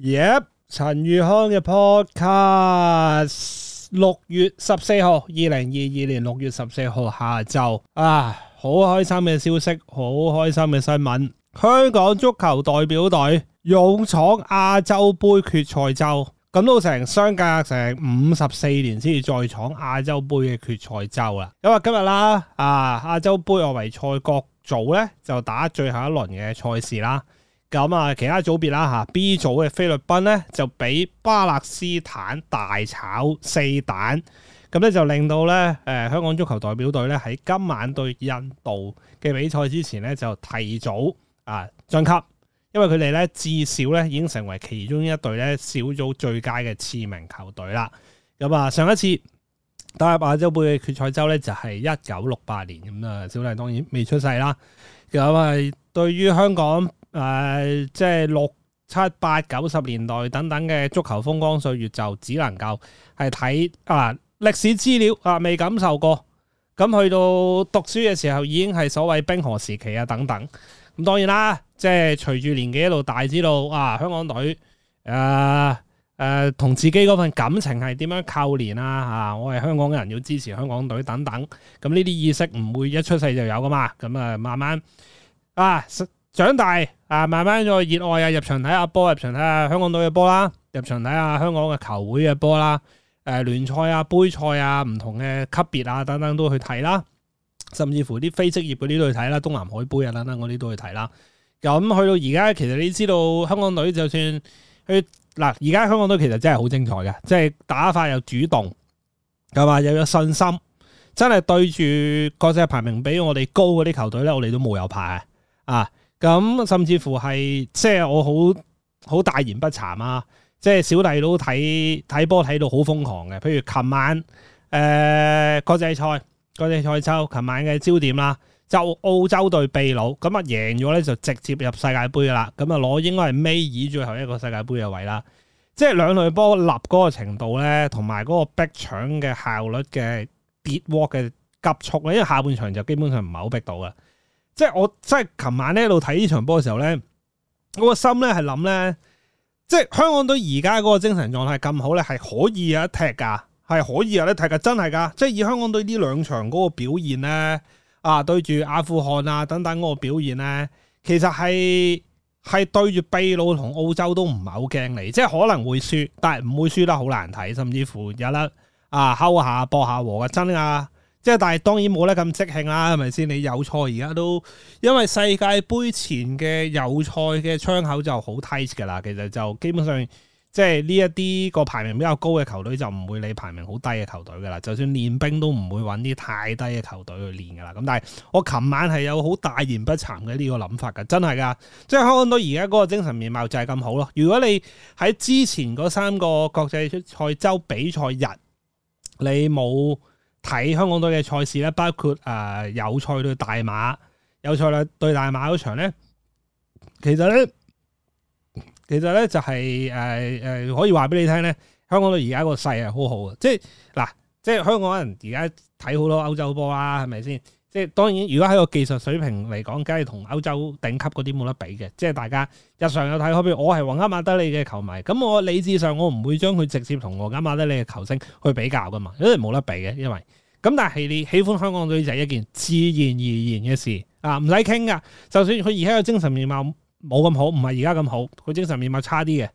Yep，陳宇康嘅 podcast 六月十四號，二零二二年六月十四號下晝啊，好開心嘅消息，好開心嘅新聞！香港足球代表隊勇闖亞洲杯決賽周，咁都成相隔成五十四年先至再闖亞洲杯嘅決賽周啦。咁啊，今日啦啊，亞洲杯外圍賽各組咧就打最後一輪嘅賽事啦。咁啊，其他組別啦吓 B 組嘅菲律賓咧就俾巴勒斯坦大炒四蛋，咁咧就令到咧香港足球代表隊咧喺今晚對印度嘅比賽之前咧就提早啊晉級，因為佢哋咧至少咧已經成為其中一隊咧小組最佳嘅次名球隊啦。咁啊，上一次打入亞洲盃嘅決賽周咧就係一九六八年，咁啊，小弟當然未出世啦。咁啊，對於香港。誒、呃，即係六七八九十年代等等嘅足球風光歲月，就只能夠係睇啊歷史資料啊，未、啊、感受過。咁去到讀書嘅時候，已經係所謂冰河時期啊等等。咁當然啦，即係隨住年紀一路大，知道啊香港隊誒誒，同、啊啊、自己嗰份感情係點樣扣連啊吓、啊。我係香港人，要支持香港隊等等。咁呢啲意識唔會一出世就有噶嘛。咁啊，慢慢啊。長大啊，慢慢再熱愛啊，入場睇下波，入場睇下、啊、香港隊嘅波啦，入場睇下、啊、香港嘅球會嘅波啦，誒聯賽啊、杯賽啊、唔同嘅級別啊等等都去睇啦、啊，甚至乎啲非職業嘅呢都去睇啦、啊，東南海杯啊等等嗰啲都去睇啦、啊。咁、嗯、去到而家，其實你知道香港隊就算去嗱，而、啊、家香港隊其實真係好精彩嘅，即、就、係、是、打法又主動，係嘛，又有，有信心，真係對住國際排名比我哋高嗰啲球隊咧，我哋都冇有排啊！啊咁甚至乎係即係我好好大言不慚啊！即、就、係、是、小弟都睇睇波睇到好瘋狂嘅，譬如琴晚誒、呃、國際賽國際賽就琴晚嘅焦點啦，就澳洲對秘魯，咁啊贏咗咧就直接入世界盃啦，咁啊攞應該係尾爾最後一個世界盃嘅位啦。即、就、係、是、兩隊波立嗰個程度咧，同埋嗰個逼搶嘅效率嘅跌鑊嘅急速咧，因為下半場就基本上唔係好逼到嘅。即係我，昨我，即係琴晚咧一路睇呢場波嘅時候咧，我個心咧係諗咧，即係香港隊而家嗰個精神狀態咁好咧，係可以有得踢噶係可以有得踢噶，真係噶！即係以香港隊呢兩場嗰個表現咧，啊對住阿富汗啊等等嗰個表現咧，其實係係對住秘魯同澳洲都唔係好驚你，即係可能會輸，但係唔會輸得好難睇，甚至乎有得啊敲下播下和嘅真啊！即係，但係當然冇得咁即興啦，係咪先？你有賽而家都，因為世界盃前嘅有賽嘅窗口就好 tight 噶啦。其實就基本上，即係呢一啲個排名比較高嘅球隊就唔會理排名好低嘅球隊噶啦。就算練兵都唔會揾啲太低嘅球隊去練噶啦。咁但係我琴晚係有好大言不慚嘅呢個諗法嘅，真係噶。即係香港到而家嗰個精神面貌就係咁好咯。如果你喺之前嗰三個國際賽周比賽日，你冇，睇香港隊嘅賽事咧，包括誒、呃、有賽對大馬，有賽對大馬嗰場咧，其實咧，其實咧就係誒誒，可以話俾你聽咧，香港隊而家個勢係好好嘅，即係嗱、啊，即係香港人而家睇好多歐洲波啊，係咪先？即係當然，如果喺個技術水平嚟講，梗係同歐洲頂級嗰啲冇得比嘅。即係大家日常有睇，譬如我係皇家馬德里嘅球迷，咁我理智上我唔會將佢直接同皇家馬德里嘅球星去比較噶嘛，因為冇得比嘅。因為咁，但係你喜歡香港隊就一件自然而然嘅事啊，唔使傾噶。就算佢而家個精神面貌冇咁好，唔係而家咁好，佢精神面貌差啲嘅，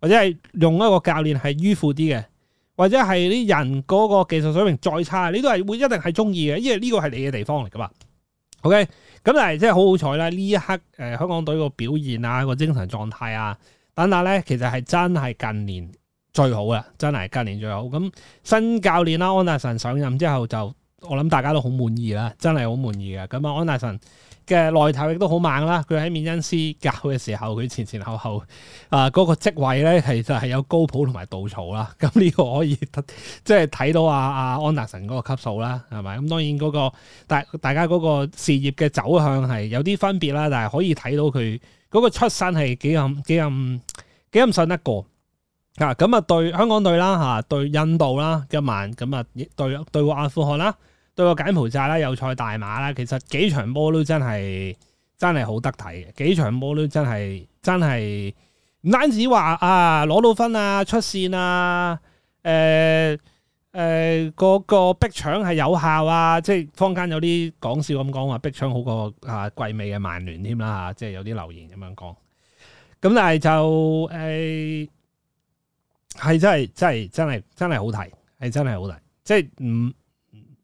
或者係用一個教練係迂腐啲嘅。或者係啲人嗰個技術水平再差，你都係會一定係中意嘅，因為呢個係你嘅地方嚟噶嘛。OK，咁但係真係好好彩啦！呢一刻，誒、呃，香港隊個表現啊，個精神狀態啊，等等咧，其實係真係近年最好啦，真係近年最好。咁新教練啦、啊，安達臣上任之後就，我諗大家都好滿意啦，真係好滿意嘅。咁啊，安達臣。嘅內頭亦都好猛啦！佢喺緬恩斯教嘅時候，佢前前後後啊，嗰個職位咧其實係有高普同埋稻草啦。咁呢個可以即係睇到啊啊安達臣嗰個級數啦，係咪？咁當然嗰、嗰個大大家嗰個事業嘅走向係有啲分別啦，但係可以睇到佢嗰個出身係幾咁幾咁幾咁信得過。咁啊，對香港隊啦嚇，對印度啦今晚，咁啊對對阿富汗啦。對個柬埔寨啦，又賽大馬啦，其實幾場波都真係真係好得睇嘅，幾場波都真係真係唔單止話啊攞到分啊出線啊，誒誒嗰個逼搶係有效啊，即係坊間有啲講笑咁講話逼搶好過啊季尾嘅曼聯添啦嚇，即係有啲留言咁樣講。咁但係就係係、欸、真係真係真係真係好睇，係真係好睇，即係唔。嗯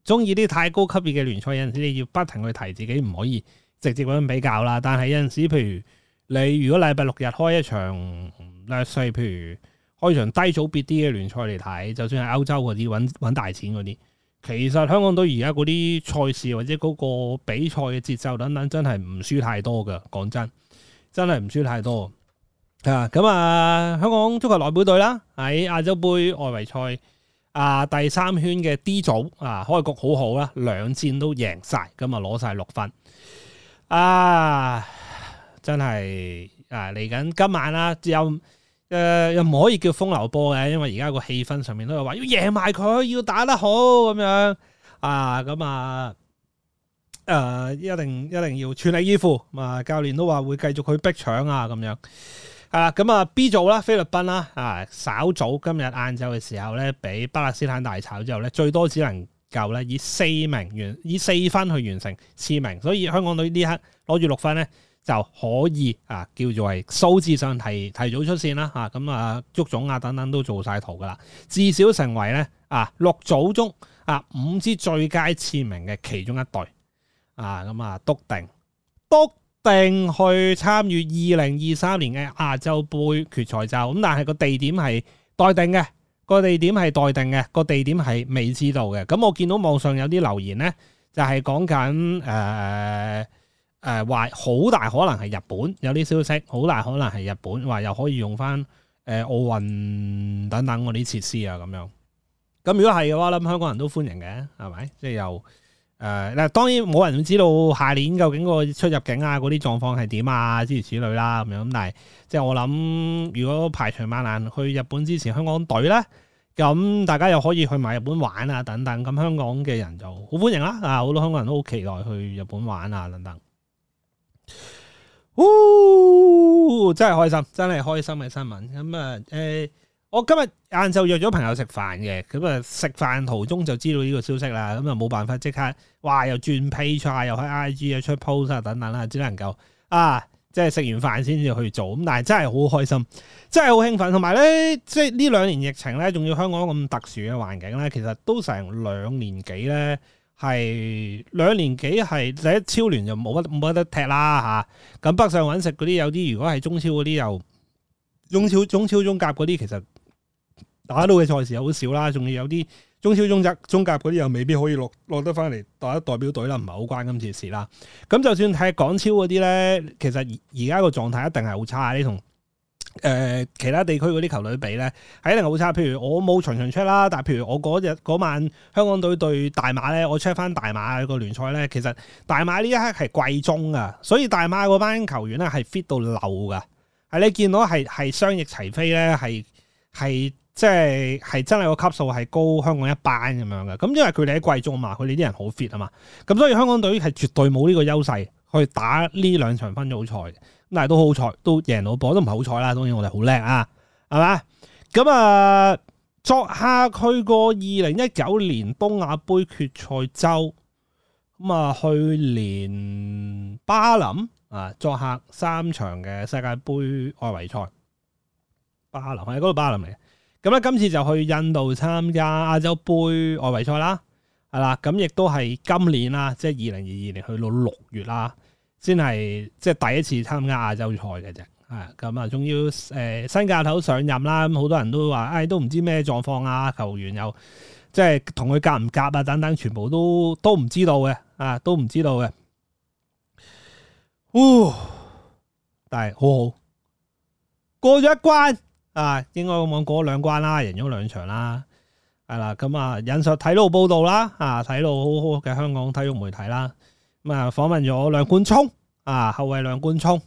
中意啲太高級別嘅聯賽有陣時你要不停去提自己唔可以直接咁比較啦，但係有陣時，譬如你如果禮拜六日開一場，例如譬如開一場低組別啲嘅聯賽嚟睇，就算係歐洲嗰啲揾揾大錢嗰啲，其實香港都而家嗰啲賽事或者嗰個比賽嘅節奏等等，真係唔輸太多㗎。講真，真係唔輸太多啊！咁啊，香港足球代表隊啦，喺亞洲盃、外圍賽。啊！第三圈嘅 D 組啊，開局好好啦，兩戰都贏晒，咁啊攞晒六分。啊，真係啊嚟緊今晚啦、啊，又誒、呃、又唔可以叫風流波嘅，因為而家個氣氛上面都有話要贏埋佢，要打得好咁樣啊。咁啊，誒、啊啊啊，一定一定要全力以赴。啊，教練都話會繼續去逼搶啊，咁樣。係咁啊 B 組啦，菲律賓啦，啊稍早今日晏晝嘅時候咧，畀巴勒斯坦大炒之後咧，最多只能夠咧以四名完，以四分去完成次名，所以香港隊呢刻攞住六分咧就可以啊叫做係數字上提提早出線啦吓，咁啊足總啊,啊等等都做晒圖噶啦，至少成為咧啊六組中啊五支最佳次名嘅其中一隊啊，咁啊篤定篤定去參與二零二三年嘅亞洲盃決賽就咁，但係個地點係待定嘅，個地點係待定嘅，個地點係未知道嘅。咁我見到網上有啲留言咧，就係講緊誒誒話好大可能係日本，有啲消息好大可能係日本話又可以用返誒奧運等等嗰啲設施啊咁樣。咁如果係嘅話，咁香港人都歡迎嘅，係咪？即係又。誒嗱、呃，當然冇人知道下年究竟個出入境啊嗰啲狀況係點啊，諸如此類啦、啊、咁但係即係我諗，如果排除萬難去日本支持香港隊咧，咁大家又可以去埋日本玩啊等等，咁香港嘅人就好歡迎啦、啊，啊好多香港人都好期待去日本玩啊等等。嗚、呃、真係開心，真係開心嘅新聞咁啊、嗯呃我今日晏晝約咗朋友食飯嘅，咁啊食飯途中就知道呢個消息啦，咁啊冇辦法即刻，哇又轉 page 又開 I G 又出 post 啊等等啦，只能夠啊即係食完飯先至去做，咁但係真係好開心，真係好興奮，同埋咧即係呢兩年疫情咧，仲要香港咁特殊嘅環境咧，其實都成兩年幾咧，係兩年幾係第一超聯就冇乜冇得踢啦吓，咁、啊、北上搵食嗰啲有啲如果係中超嗰啲又中超中超中甲嗰啲其實。打到嘅賽事又好少啦，仲要有啲中超、中甲、中甲嗰啲又未必可以落落得翻嚟代代表隊啦，唔係好關今次事啦。咁就算睇港超嗰啲咧，其實而家個狀態一定係好差，你同誒、呃、其他地區嗰啲球隊比咧，係一定好差。譬如我冇巡巡 check 啦，但係譬如我嗰日嗰晚香港隊對大馬咧，我 check 翻大馬個聯賽咧，其實大馬呢一刻係季中㗎。所以大馬嗰班球員咧係 fit 到漏噶，係你見到係係雙翼齊飛咧，係係。即係係真係個級數係高香港一班咁樣嘅，咁因為佢哋喺季中嘛，佢哋啲人好 fit 啊嘛，咁所以香港隊係絕對冇呢個優勢去打呢兩場分組賽，咁但係都好彩，都贏到波，都唔係好彩啦。當然我哋好叻啊，係嘛？咁啊，作客去過二零一九年東亞盃決賽周，咁啊去年巴林啊作客三場嘅世界盃外圍賽，巴林係嗰個巴林嚟嘅。咁咧，今次就去印度參加亞洲盃外圍賽啦，係啦，咁亦都係今年啦，即係二零二二年去到六月啦，先係即係第一次參加亞洲賽嘅啫。啊，咁啊，仲要誒，新教頭上任啦，咁好多人都話，唉、哎，都唔知咩狀況啊，球員又即係同佢夾唔夾啊，合合等等，全部都都唔知道嘅，啊，都唔知道嘅。嗚，但係好好過咗一關。啊，應該講過咗兩關啦，贏咗兩場啦，係、啊、啦，咁啊引述體路報道啦，啊體路好好嘅香港體育媒體啦，咁啊訪問咗梁冠聰，啊後衞梁冠聰，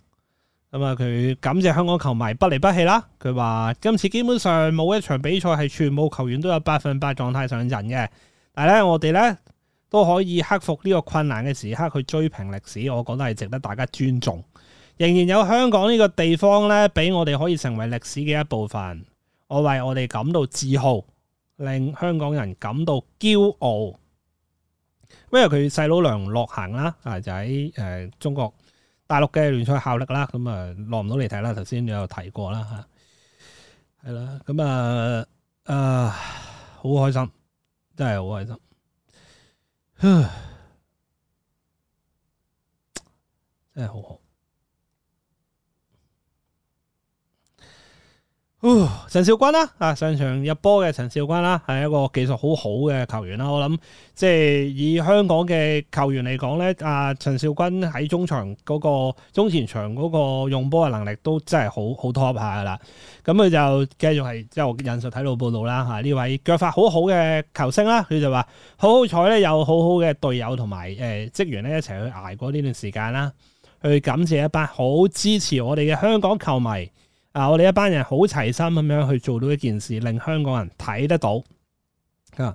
咁啊佢感謝香港球迷不離不棄啦，佢、啊、話今次基本上冇一場比賽係全部球員都有百分百狀態上陣嘅，但係咧我哋咧都可以克服呢個困難嘅時刻去追平歷史，我覺得係值得大家尊重。仍然有香港呢個地方咧，俾我哋可以成為歷史嘅一部分，我為我哋感到自豪，令香港人感到驕傲。因為佢細佬梁樂行啦，啊就喺誒中國大陸嘅聯賽效力啦，咁啊落唔到嚟睇啦，頭先你有提過啦吓，係啦，咁啊啊好開心，真係好開心，真係好好。陳肇鈞啦、啊，啊上場入波嘅陳肇鈞啦、啊，係一個技術好好嘅球員啦。我諗即係以香港嘅球員嚟講咧，啊陳肇鈞喺中場嗰個中前場嗰個用波嘅能力都真係好好 top 下噶啦。咁佢就繼續係即係我引述體路報導啦，嚇、啊、呢位腳法好好嘅球星啦、啊，佢就話好好彩咧，有好好嘅隊友同埋誒職員咧一齊去捱過呢段時間啦、啊，去感謝一班好支持我哋嘅香港球迷。啊！我哋一班人好齊心咁樣去做到一件事，令香港人睇得到啊！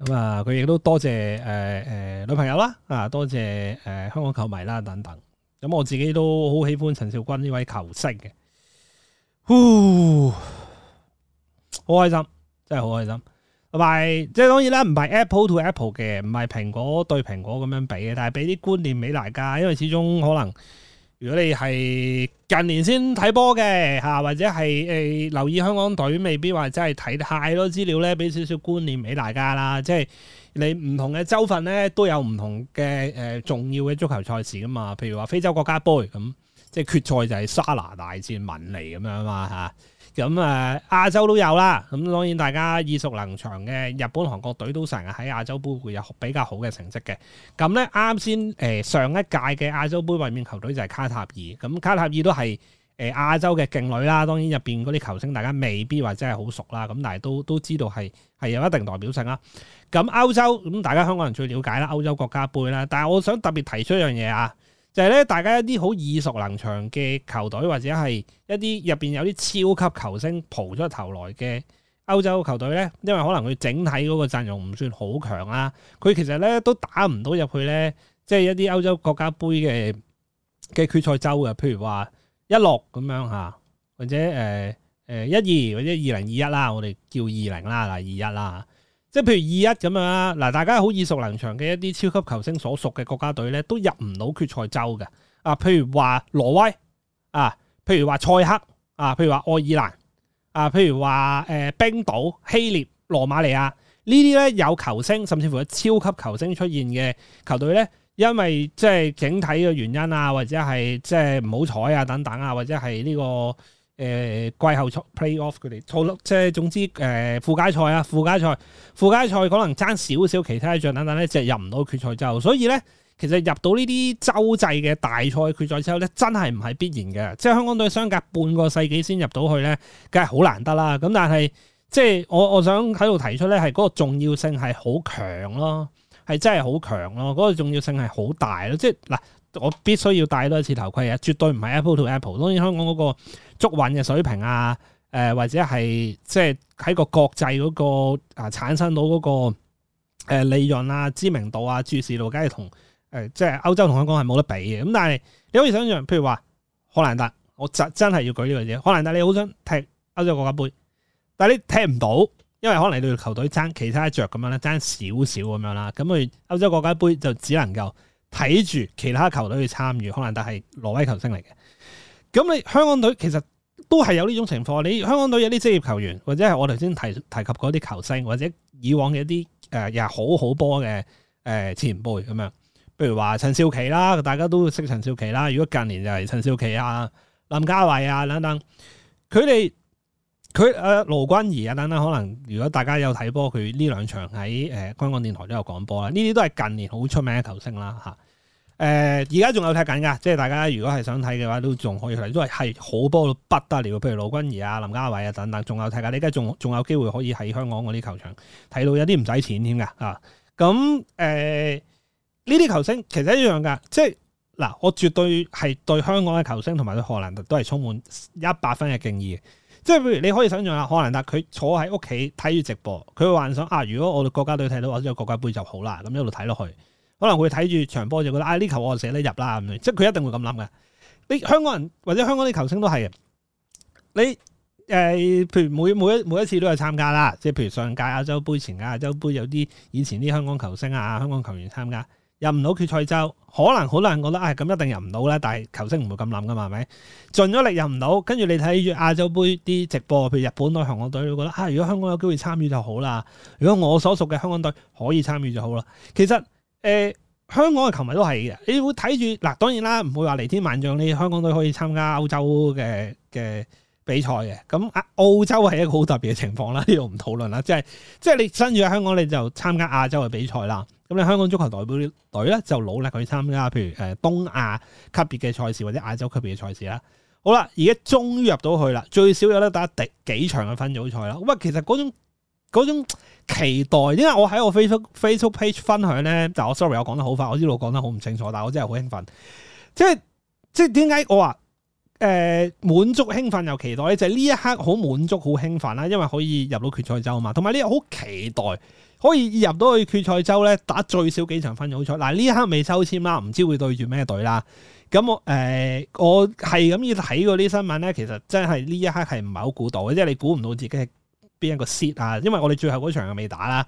咁啊，佢亦都多謝誒誒、呃呃、女朋友啦，啊多謝誒、呃、香港球迷啦等等。咁、啊、我自己都好喜歡陳肇鈞呢位球星嘅，呼，好開心，真係好開心。同埋即係當然啦，唔係 Apple to Apple 嘅，唔係蘋果對蘋果咁樣比嘅，但係俾啲觀念俾大家，因為始終可能。如果你係近年先睇波嘅嚇，或者係誒、呃、留意香港隊，未必話真係睇太多資料咧，俾少少觀念俾大家啦。即係你唔同嘅州份咧，都有唔同嘅誒、呃、重要嘅足球賽事噶嘛。譬如話非洲國家杯咁，即係決賽就係沙拿大戰文尼咁樣嘛嚇。啊咁誒亞洲都有啦，咁當然大家耳熟能詳嘅日本韓國隊都成日喺亞洲杯會有比較好嘅成績嘅。咁呢啱先上一屆嘅亞洲杯衛冕球隊就係卡塔爾，咁卡塔爾都係誒亞洲嘅勁旅啦。當然入面嗰啲球星大家未必話真係好熟啦，咁但係都都知道係係有一定代表性啦。咁歐洲咁大家香港人最了解啦，歐洲國家杯啦。但我想特別提出一樣嘢啊～就係咧，大家一啲好耳熟能詳嘅球隊，或者係一啲入面有啲超級球星蒲咗頭來嘅歐洲球隊咧，因為可能佢整體嗰個陣容唔算好強啦，佢其實咧都打唔到入去咧，即係一啲歐洲國家杯嘅嘅決賽周嘅，譬如話一六咁樣嚇，或者誒誒一二或者二零二一啦，我哋叫二零啦嗱二一啦。即係譬如二一咁樣啦，嗱，大家好耳熟能詳嘅一啲超級球星所屬嘅國家隊咧，都入唔到決賽周嘅。啊，譬如話挪威啊，譬如話塞克啊，譬如話愛爾蘭啊，譬如話誒冰島、希臘、羅馬尼亞呢啲咧，有球星，甚至乎有超級球星出現嘅球隊咧，因為即係整體嘅原因啊，或者係即係唔好彩啊等等啊，或者係呢個。誒、呃，季後賽 playoff 佢哋，即係總之，誒附加賽啊，附加賽，附加賽可能爭少少其他嘅獎等等咧，就是、入唔到決賽之後，所以咧，其實入到呢啲洲際嘅大賽決賽之後咧，真係唔係必然嘅。即係香港隊相隔半個世紀先入到去咧，梗係好難得啦。咁但係，即係我我想喺度提出咧，係嗰個重要性係好強咯，係真係好強咯，嗰、嗰個重要性係好大咯。即係嗱。我必須要戴多一次頭盔啊！絕對唔係 Apple to Apple。當然香港嗰個足運嘅水平啊，誒、呃、或者係即係喺個國際嗰、嗰個啊產生到嗰、嗰個、呃、利潤啦、啊、知名度啊、注視度，梗係同誒即係歐洲同香港係冇得比嘅。咁但係你可以想象，譬如話，康蘭達，我就真係要舉呢樣嘢。康蘭達你好想踢歐洲國家杯，但係你踢唔到，因為可能你對球隊爭其他一著咁樣咧，爭少少咁樣啦。咁佢歐洲國家一杯就只能夠。睇住其他球隊去參與，可能但係挪威球星嚟嘅。咁你香港隊其實都係有呢種情況，你香港隊有啲職業球員，或者係我頭先提提及過啲球星，或者以往嘅一啲誒、呃、又係好好波嘅誒前輩咁樣，譬如話陳少琪啦，大家都識陳少琪啦。如果近年就係陳少琪啊、林家偉啊等等，佢哋。佢誒羅君怡啊等等，可能如果大家有睇波，佢呢兩場喺誒、呃、香港電台都有講波啦。呢啲都係近年好出名嘅球星啦嚇。而家仲有踢緊噶，即係大家如果係想睇嘅話，都仲可以去。因為係好波到不得了。譬如羅君怡啊、林嘉偉啊等等，仲有踢緊。你而家仲仲有機會可以喺香港嗰啲球場睇到有啲唔使錢添噶啊。咁誒呢啲球星其實一樣噶，即係嗱，我絕對係對香港嘅球星同埋對荷蘭特都係充滿一百分嘅敬意。即係譬如你可以想象下，可能但佢坐喺屋企睇住直播，佢幻想啊，如果我哋國家隊睇到或者有國家盃就好啦，咁一路睇落去，可能會睇住場波就覺得啊，呢球我就寫得入啦咁，即係佢一定會咁諗噶。你香港人或者香港啲球星都係嘅。你誒、呃，譬如每每一每一次都有參加啦，即係譬如上屆亞洲盃前亞洲盃有啲以前啲香港球星啊，香港球員參加。入唔到決賽周，可能好多人覺得啊，咁一定入唔到啦。但係球星唔會咁諗噶嘛，係咪？盡咗力入唔到，跟住你睇住亞洲杯啲直播，譬如日本隊、韓國隊，會覺得啊，如果香港有機會參與就好啦。如果我所屬嘅香港隊可以參與就好啦。其實誒、呃，香港嘅球迷都係嘅，你會睇住嗱，當然啦，唔會話離天萬丈。你香港隊可以參加歐洲嘅嘅比賽嘅。咁啊，澳洲係一個好特別嘅情況啦，呢度唔討論啦。即係即係你身處喺香港，你就參加亞洲嘅比賽啦。咁香港足球代表隊咧就努力去參加，譬如誒東亞級別嘅賽事或者亞洲級別嘅賽事啦。好啦，而家終於入到去啦，最少有得打第幾場嘅分組賽啦。喂，其實嗰種、嗰種期待，點解我喺我 Facebook Facebook page 分享咧，就我 sorry，我講得好快，我知道我講得好唔清楚，但係我真係好興奮，即係即係點解我話誒、呃、滿足興奮又期待咧？就係、是、呢一刻好滿足好興奮啦，因為可以入到決賽周嘛，同埋呢又好期待。可以入到去決賽周咧，打最少幾場分組賽。嗱，呢一刻未抽籤啦，唔知會對住咩隊啦。咁我誒、呃，我係咁要睇嗰啲新聞咧。其實真係呢一刻係唔係好估到嘅，即係你估唔到自己係邊一個 sit 啊。因為我哋最後嗰場又未打啦。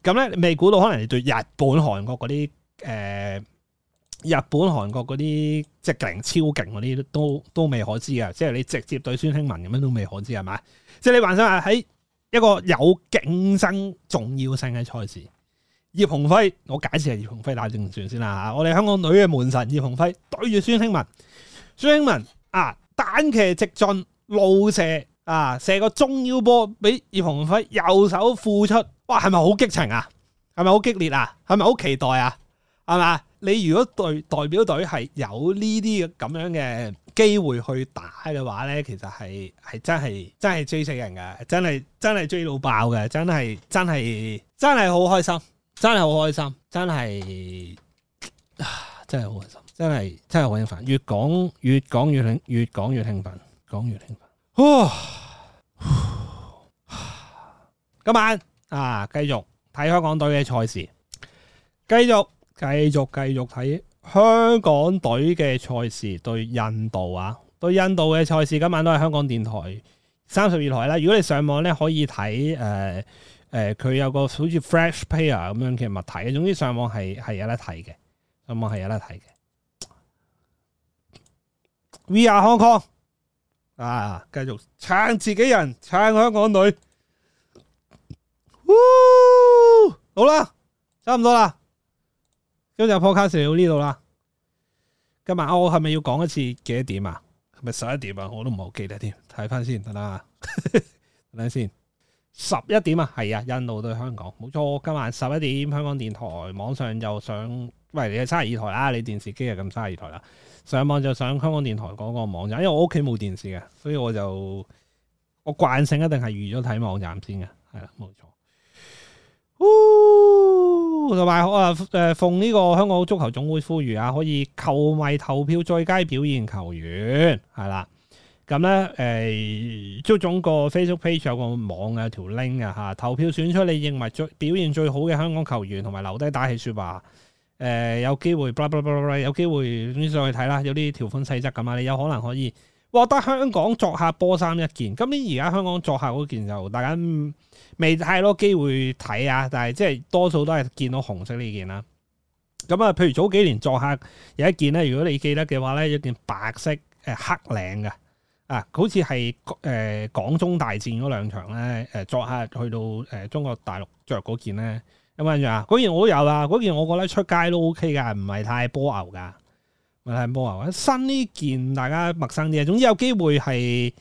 咁咧未估到，可能你對日本、韓國嗰啲誒，日本、韓國嗰啲即勁超勁嗰啲都都未可知啊！即係你直接對孫興文咁樣都未可知係咪？即係你幻想係喺。一個有競爭重要性嘅賽事，葉鴻輝，我解釋係葉鴻輝打正傳先啦吓，我哋香港女嘅門神葉鴻輝對住孫興文，孫興文啊單騎直進怒射啊，射個中腰波俾葉鴻輝右手付出，哇係咪好激情啊？係咪好激烈啊？係咪好期待啊？係咪？你如果對代表隊係有呢啲咁樣嘅機會去打嘅話呢，其實係係真係真係追死人噶，真係真係追到爆嘅，真係真係真係好開，開心，真係好開心，真係真係好開心，真係真係好興奮。越講越講越興，越講越，越，越興奮，講越興奮。今晚啊，繼續睇香港隊嘅賽事，繼續繼續繼續睇。香港隊嘅賽事對印度啊，對印度嘅賽事，今晚都係香港電台三十二台啦。如果你上網咧，可以睇誒誒，佢、呃呃、有個好似 Flash Player 咁樣嘅物體，總之上網係係有得睇嘅，上網係有得睇嘅。We are Hong Kong 啊，繼續撐自己人，撐香港隊。好啦，差唔多啦。今日 podcast 到呢度啦，今晚我係咪要講一次幾多點啊？係咪十一點啊？我都唔係好記得添，睇翻先得啦，睇先。十一點啊，係啊，印度對香港，冇錯。今晚十一點香港電台網上又上，喂，你係三十二台啦，你電視機係咁三十二台啦，上網就上香港電台嗰個網站，因為我屋企冇電視嘅，所以我就我慣性一定係預咗睇網站先嘅，係啦，冇錯。哦，同埋可啊，誒，奉呢個香港足球總會呼籲啊，可以球迷投票最佳表現球員係啦。咁咧，誒、嗯，朱、欸、總個 Facebook page 有個網啊，有條 link 啊吓，投票選出你認為最表現最好嘅香港球員，同埋留低打氣說話。誒、欸，有機會 bl、ah、blah blah blah, 有機會，你上去睇啦，有啲條款細則咁啊，你有可能可以。獲得香港作客波衫一件，今年而家香港作客嗰件就大家未太多機會睇啊，但係即係多數都係見到紅色呢件啦。咁啊，譬如早幾年作客有一件咧，如果你記得嘅話咧，一件白色黑領嘅啊，好似係、呃、港中大戰嗰兩場咧誒作客去到中國大陸着嗰件咧，有冇印象？啊？嗰件我都有啦，嗰件我覺得出街都 OK 噶，唔係太波牛噶。新呢件大家陌生啲啊。總之有機會係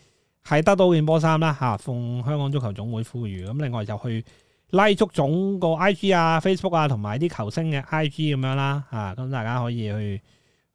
係得到件波衫啦，吓，奉香港足球總會呼籲。咁另外就去拉、like、足總個 I G 啊、Facebook 啊，同埋啲球星嘅 I G 咁樣啦，吓，咁大家可以去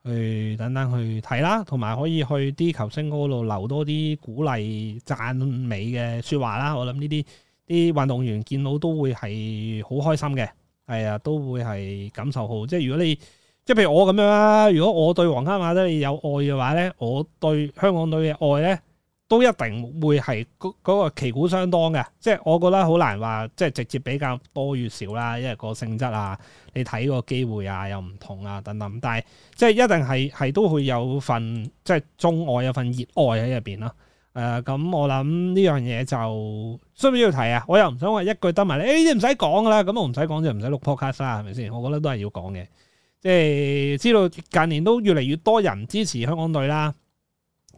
去等等去睇啦，同埋可以去啲球星嗰度留多啲鼓勵讚美嘅說話啦。我諗呢啲啲運動員見到都會係好開心嘅，係啊，都會係感受好。即係如果你。即係譬如我咁樣啦，如果我對皇家馬德里有愛嘅話咧，我對香港隊嘅愛咧，都一定會係嗰個旗鼓相當嘅。即係我覺得好難話，即係直接比較多與少啦，因為個性質啊，你睇個機會啊又唔同啊等等。但係即係一定係係都會有份即係鍾愛有份熱愛喺入邊啦。誒、呃，咁我諗呢樣嘢就需唔需要提啊？我又唔想話一句得埋你，誒、欸，你唔使講噶啦，咁我唔使講就唔使錄 podcast 啦，係咪先？我覺得都係要講嘅。即係知道近年都越嚟越多人支持香港隊啦，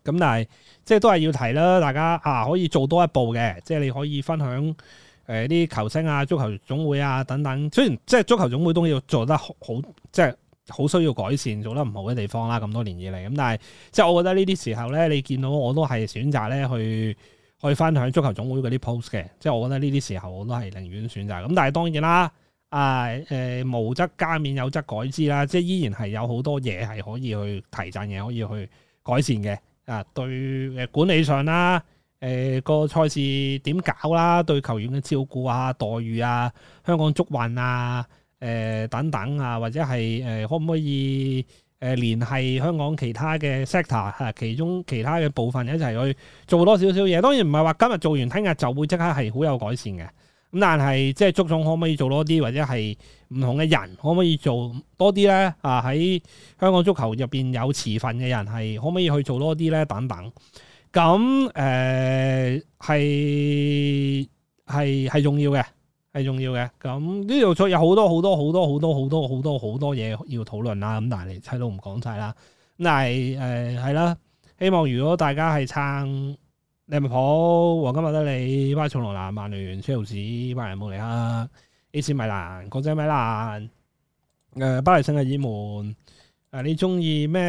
咁但係即係都係要提啦，大家啊可以做多一步嘅，即係你可以分享誒啲球星啊、足球總會啊等等。雖然即係足球總會都要做得好，即係好需要改善，做得唔好嘅地方啦。咁多年以嚟，咁但係即係我覺得呢啲時候咧，你見到我都係選擇咧去去分享足球總會嗰啲 post 嘅，即係我覺得呢啲時候我都係寧願選擇。咁但係當然啦。啊，誒、呃、無則加勉，有則改之啦，即係依然係有好多嘢係可以去提攢嘢，可以去改善嘅。啊，對管理上啦，誒、呃這個賽事點搞啦，對球員嘅照顧啊、待遇啊、香港足運啊、呃、等等啊，或者係、呃、可唔可以誒聯繫香港其他嘅 sector、啊、其中其他嘅部分一齊去做多少少嘢。當然唔係話今日做完，聽日就會即刻係好有改善嘅。咁但係即係足總可唔可以做多啲，或者係唔同嘅人可唔可以做多啲咧？啊，喺香港足球入邊有持份嘅人係可唔可以去做多啲咧？等等，咁誒係係係重要嘅，係重要嘅。咁呢度再有好多好多好多好多好多好多好多嘢要討論啦。咁但係你睇到唔講晒啦。咁但係誒係啦，希望如果大家係撐。你咪跑皇家馬德里、巴塞羅那、曼聯、車路士、拜仁慕尼黑、A.C. 米蘭、國際米蘭、誒、巴黎聖日耳門？誒、呃，你中意咩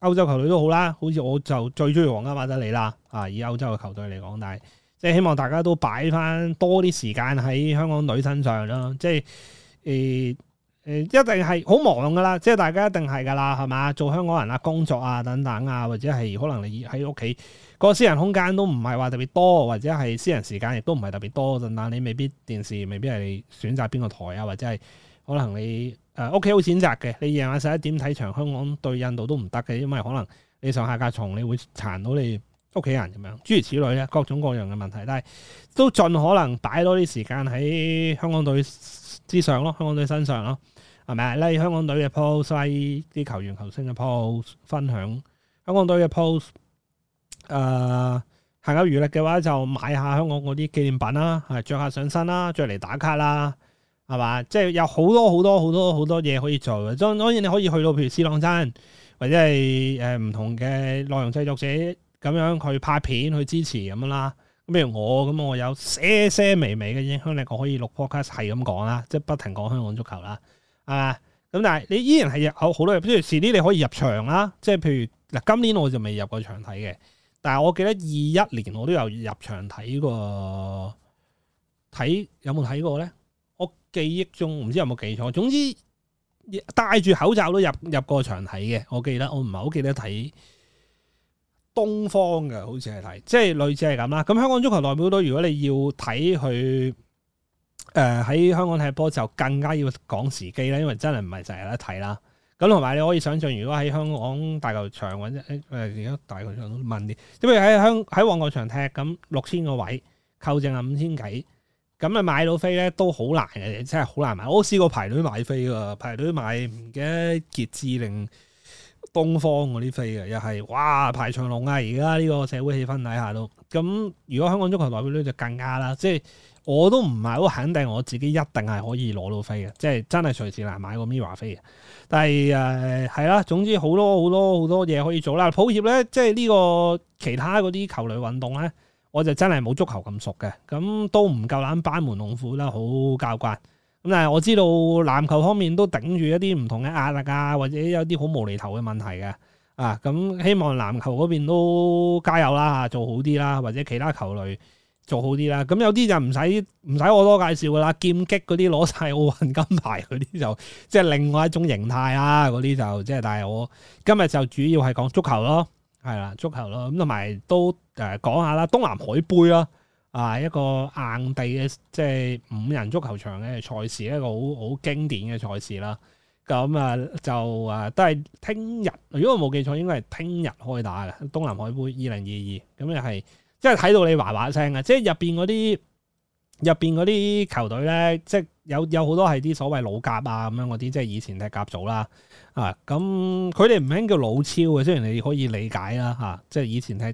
歐洲球隊都好啦，好似我就最中意皇家馬德里啦。啊，以歐洲嘅球隊嚟講，但係即係希望大家都擺翻多啲時間喺香港隊身上啦，即係誒。呃誒，一定係好忙噶啦，即係大家一定係噶啦，係嘛？做香港人啊，工作啊等等啊，或者係可能你喺屋企個私人空間都唔係話特別多，或者係私人時間亦都唔係特別多嗰陣，但你未必電視，未必係你選擇邊個台啊，或者係可能你屋企好選擇嘅。你夜晚十一點睇場香港對印度都唔得嘅，因為可能你上下架床，你會殘到你屋企人咁樣。諸如此類呢，各種各樣嘅問題，但係都盡可能擺多啲時間喺香港隊之上咯，香港隊身上咯。係咪啊？例如香港隊嘅 post、啲球員球星嘅 post 分享、香港隊嘅 post。呃。誒，行有餘力嘅話，就買下香港嗰啲紀念品啦，係着下上身啦，着嚟打卡啦，係嘛？即係有好多好多好多好多嘢可以做。當然你可以去到，譬如斯朗山，或者係誒唔同嘅內容製作者咁樣去拍片去支持咁啦。咁譬如我咁，我有些些微微嘅影響力，我可以錄 podcast 係咁講啦，即係不停講香港足球啦。係咁、啊、但係你依然係有好多嘢，譬如遲啲你可以入場啦，即係譬如嗱，今年我就未入過場睇嘅。但係我記得二一年我都有入場睇過，睇有冇睇過咧？我記憶中唔知有冇記錯，總之戴住口罩都入入過場睇嘅。我記得我唔係好記得睇東方嘅，好似係睇，即係類似係咁啦。咁香港足球代表隊，如果你要睇佢。誒喺、呃、香港踢波就更加要講時機啦，因為真係唔係就係得睇啦。咁同埋你可以想象，如果喺香港大球場或者誒而家大球場都問啲，因為喺香喺旺角場踢咁六千個位，扣剩係五千幾，咁啊買到飛咧都好難嘅，真係好難買。我試過排隊買飛喎，排隊買唔記得傑志定東方嗰啲飛嘅，又係哇排長龍啊，而家呢個社會氣氛底下都。咁如果香港足球代表隊就更加啦，即係。我都唔係好肯定我自己一定係可以攞到飛嘅，即係真係隨時難買個 Mirror 飛嘅。但係誒係啦，總之好多好多好多嘢可以做啦。抱歉咧，即係呢個其他嗰啲球類運動咧，我就真係冇足球咁熟嘅，咁都唔夠膽班門弄斧啦，好教慣。咁但係我知道籃球方面都頂住一啲唔同嘅壓力啊，或者有啲好無厘頭嘅問題嘅啊。咁希望籃球嗰邊都加油啦，做好啲啦，或者其他球類。做好啲啦，咁有啲就唔使唔使我多介紹噶啦，劍擊嗰啲攞晒奧運金牌嗰啲就即係、就是、另外一種形態啊，嗰啲就即係。但係我今日就主要係講足球咯，係啦，足球咯，咁同埋都誒、呃、講下啦，東南海杯咯、啊，啊一個硬地嘅即係五人足球場嘅賽事，一個好好經典嘅賽事啦。咁啊就啊都係聽日，如果我冇記錯，應該係聽日開打嘅東南海杯二零二二，咁又係。即係睇到你嘩嘩聲啊！即係入邊嗰啲，入邊嗰啲球隊咧，即係有有好多係啲所謂老甲啊咁樣嗰啲，即係以前踢甲組啦啊！咁佢哋唔興叫老超嘅，雖然你可以理解啦、啊、吓、啊，即係以前踢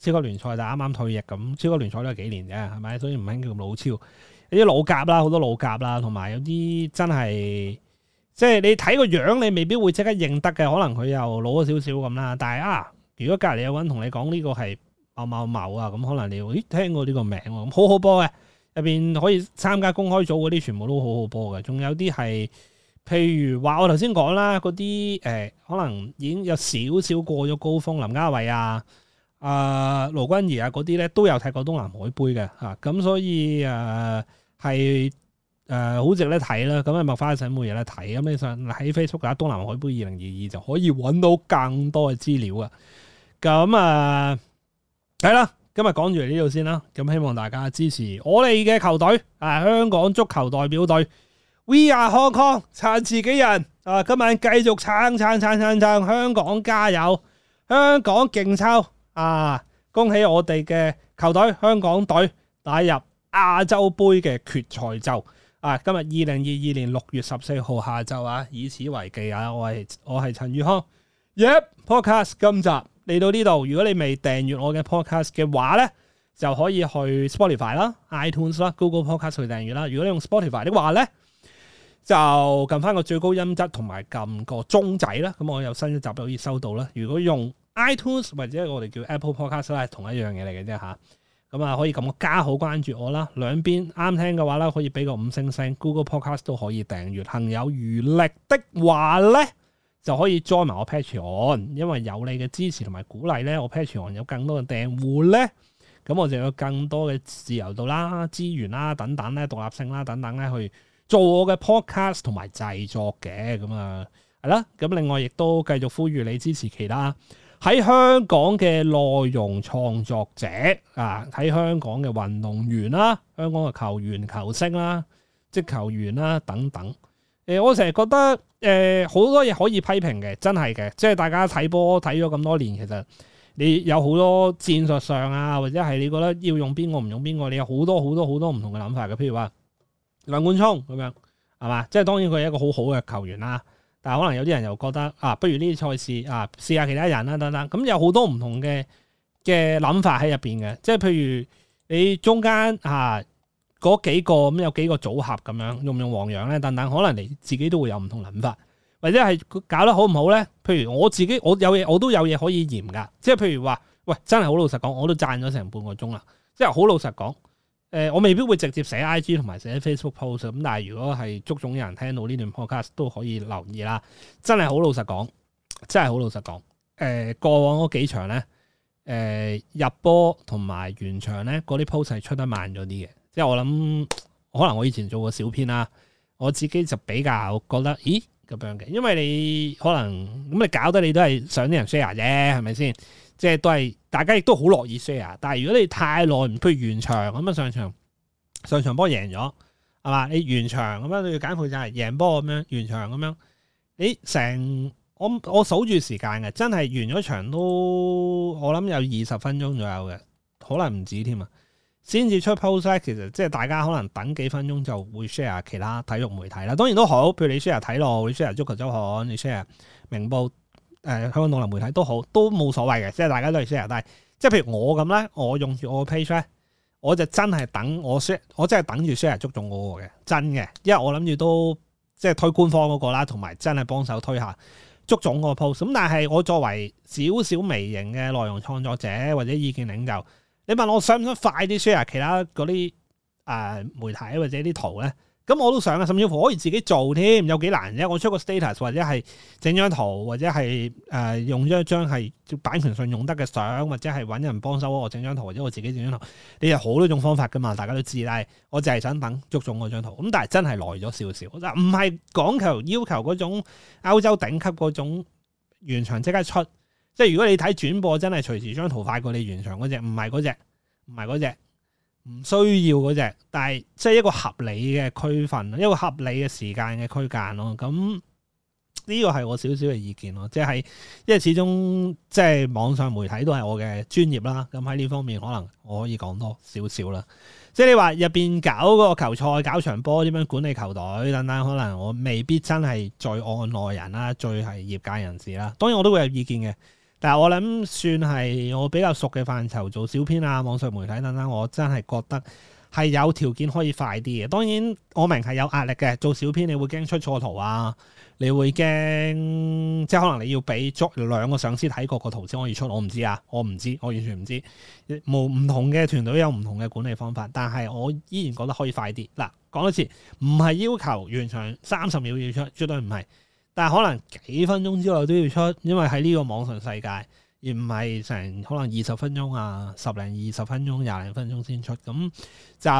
超級聯賽就啱啱退役咁，超級聯賽都係幾年啫，係咪？所以唔興叫老超，有啲老甲啦、啊，好多老甲啦、啊，同埋有啲真係，即係你睇個樣你未必會即刻認得嘅，可能佢又老咗少少咁啦。但係啊，如果隔籬有人跟個人同你講呢個係。阿某某啊，咁可能你會聽過呢個名？咁好好波嘅，入邊可以參加公開組嗰啲，全部都好好波嘅。仲有啲係，譬如話我頭先講啦，嗰啲誒，可能已經有少少過咗高峰，林嘉緯啊，呃、君啊盧均宜啊，嗰啲咧都有踢過東南海杯嘅咁、啊、所以誒係誒好值得睇啦。咁啊麥花臣每日嚟睇咁，你想喺 Facebook 啦，book, 東南海杯二零二二就可以揾到更多嘅資料啊。咁啊～係啦，今日講住嚟呢度先啦。咁希望大家支持我哋嘅球隊啊，香港足球代表隊。We are Hong Kong，撐自己人。啊，今晚繼續撐撐撐撐撐，香港加油，香港勁抽啊！恭喜我哋嘅球隊，香港隊打入亞洲杯嘅決賽周啊，今日二零二二年六月十四號下晝啊，以此為記啊！我係我係陳宇康，Yep，Podcast 今集。嚟到呢度，如果你未訂閱我嘅 podcast 嘅話咧，就可以去 Spotify 啦、iTunes 啦、Google Podcast 去訂閱啦。如果你用 Spotify 嘅話咧，就撳翻個最高音質同埋撳個鐘仔啦，咁我有新一集就可以收到啦。如果用 iTunes 或者我哋叫 Apple Podcast 啦，係同一樣嘢嚟嘅啫吓，咁啊，就可以撳個加好關注我啦。兩邊啱聽嘅話呢，可以俾個五星星。Google Podcast 都可以訂閱。行有餘力的話咧。就可以 join 埋我 patreon，因為有你嘅支持同埋鼓勵咧，我 patreon 有更多嘅訂戶咧，咁我就有更多嘅自由度啦、資源啦等等咧、獨立性啦等等咧，去做我嘅 podcast 同埋製作嘅咁啊，係啦。咁另外亦都繼續呼籲你支持其他喺香港嘅內容創作者啊，喺香港嘅運動員啦、香港嘅球員球星啦、即球員啦等等。誒、呃，我成日覺得誒，好多嘢可以批評嘅，真係嘅，即係大家睇波睇咗咁多年，其實你有好多戰術上啊，或者係你覺得要用邊個唔用邊個，你有好多好多好多唔同嘅諗法嘅。譬如話梁冠聰咁樣，係嘛？即係當然佢係一個好好嘅球員啦，但係可能有啲人又覺得啊，不如呢啲賽事啊，試下其他人啦等等。咁有好多唔同嘅嘅諗法喺入邊嘅，即係譬如你中間吓。啊嗰幾個，咁有幾個組合，咁樣用唔用黃洋咧等等，但可能你自己都會有唔同諗法，或者係搞得好唔好咧？譬如我自己，我有嘢，我都有嘢可以嚴噶。即係譬如話，喂，真係好老實講，我都贊咗成半個鐘啦。即係好老實講、呃，我未必會直接寫 IG 同埋寫 Facebook post 咁，但係如果係足總有人聽到呢段 podcast 都可以留意啦。真係好老實講，真係好老實講，誒、呃，過往嗰幾場咧，誒、呃、入波同埋完場咧，嗰啲 post 係出得慢咗啲嘅。即係我諗，可能我以前做過小編啦，我自己就比較覺得，咦咁樣嘅，因為你可能咁你搞得你都係上啲人 share 啫，係咪先？即係都係大家亦都好樂意 share，但係如果你太耐唔譬如完場咁樣上場，上場波贏咗，係嘛？你完場咁樣你要揀配就係贏波咁樣完場咁樣，你成我我數住時間嘅，真係完咗場都我諗有二十分鐘左右嘅，可能唔止添啊！先至出 post 咧，其實即係大家可能等幾分鐘就會 share 其他體育媒體啦。當然都好，譬如你 share 體路，你 share 足球周刊，你 share 明報、呃、香港獨立媒體都好，都冇所謂嘅，即係大家都係 share。但係即係譬如我咁咧，我用住我嘅 page 咧，我就真係等我 share，我真係等住 share 足總嗰個嘅真嘅，因為我諗住都即係、就是、推官方嗰、那個啦，同埋真係幫手推下足總嗰個 post。咁但係我作為少少微型嘅內容創作者或者意見領袖。你問我想唔想快啲 share 其他嗰啲誒媒體或者啲圖咧？咁我都想啊，甚至乎可以自己做添，有幾難啫？我出個 status 或者係整張圖，或者係、呃、用咗一張係版權上用得嘅相，或者係揾人幫手我整張圖，或者我自己整張圖，你有好多種方法噶嘛？大家都知，但係我淨係想等捉中我張圖。咁但係真係耐咗少少，就唔係講求要求嗰種歐洲頂級嗰種完場即刻出。即係如果你睇轉播，真係隨時將圖發過你原場嗰隻，唔係嗰隻，唔係嗰隻，唔需要嗰隻。但係即係一個合理嘅區分，一個合理嘅時間嘅區間咯。咁呢個係我少少嘅意見咯，即係因為始終即係網上媒體都係我嘅專業啦。咁喺呢方面，可能我可以講多少少啦。即係你話入邊搞個球賽，搞場波，點樣管理球隊等等，可能我未必真係最案內人啦，最係業界人士啦。當然我都會有意見嘅。但係我諗算係我比較熟嘅範疇，做小編啊、網上媒體等等，我真係覺得係有條件可以快啲嘅。當然我明係有壓力嘅，做小編你會驚出錯圖啊，你會驚即係可能你要俾足兩個上司睇過個圖先可以出，我唔知啊，我唔知，我完全唔知。冇唔同嘅團隊有唔同嘅管理方法，但係我依然覺得可以快啲。嗱，講多次，唔係要求完全三十秒要出，絕對唔係。但係可能幾分鐘之內都要出，因為喺呢個網上世界，而唔係成可能二十分鐘啊、十零二十分鐘、廿零分鐘先出，咁就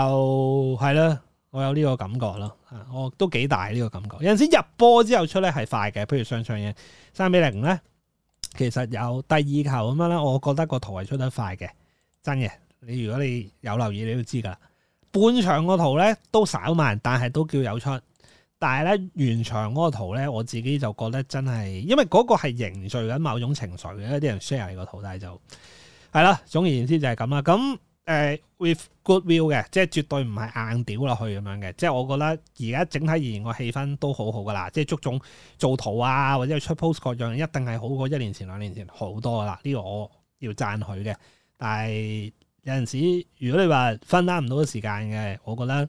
係啦。我有呢個感覺啦，我都幾大呢個感覺。有陣時入波之後出咧係快嘅，譬如上上嘅三比零咧，其實有第二球咁樣啦，我覺得個圖係出得快嘅，真嘅。你如果你有留意，你都知噶啦，半場個圖咧都稍慢，但係都叫有出，但係咧，原場嗰個圖咧，我自己就覺得真係，因為嗰個係凝聚緊某種情緒嘅。一啲人 share 你個圖，但係就係啦。總言之就係咁啦。咁、呃、with good will 嘅，即係絕對唔係硬屌落去咁樣嘅。即係我覺得而家整體而言個氣氛都好好噶啦。即係足夠做圖啊，或者出 post 各樣，一定係好過一年前兩年前好多噶啦。呢個我要讚佢嘅。但係有陣時，如果你話分擔唔到時間嘅，我覺得。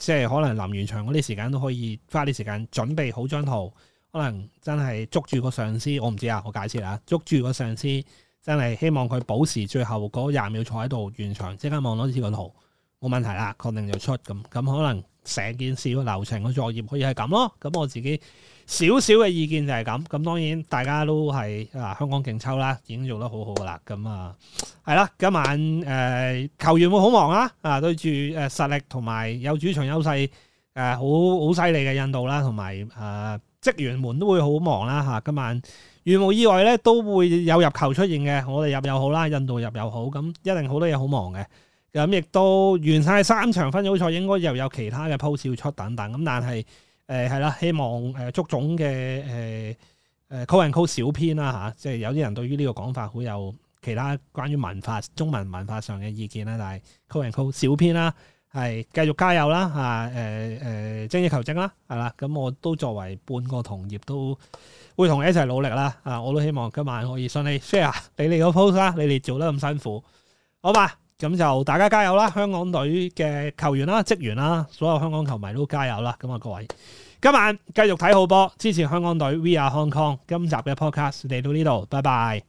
即係可能臨完場嗰啲時間都可以花啲時間準備好張圖，可能真係捉住個上司，我唔知啊，我解釋啦，捉住個上司真係希望佢保持最後嗰廿秒坐喺度完場，即刻望到呢個圖，冇問題啦，確定就出咁，咁可能成件事個流程個作業可以係咁咯，咁我自己。少少嘅意見就係咁，咁當然大家都係啊，香港勁抽啦，已經做得好好噶啦，咁啊，係啦，今晚誒、呃、球員會好忙啦，啊對住誒實力同埋有主場優勢誒，好好犀利嘅印度啦，同埋誒職員們都會好忙啦嚇、啊，今晚如無意外咧都會有入球出現嘅，我哋入又好啦，印度入又好，咁、嗯、一定好多嘢好忙嘅，咁、啊、亦都完晒三場分組賽，應該又有其他嘅鋪招出等等，咁、啊、但係。誒係啦，希望誒祝總嘅誒誒 call 小編啦嚇，即係有啲人對於呢個講法好有其他關於文化中文文化上嘅意見啦，但係 call 小編啦，係繼續加油啦嚇，誒誒精益求精啦，係啦，咁我都作為半個同業都會同你一齊努力啦，啊，我都希望今晚可以順利 share 你哋個 post 啦，你哋做得咁辛苦，好嘛？咁就大家加油啦！香港隊嘅球員啦、職員啦、所有香港球迷都加油啦！咁啊各位，今晚繼續睇好波，支持香港隊 We Are Hong Kong。今集嘅 podcast 就嚟到呢度，拜拜。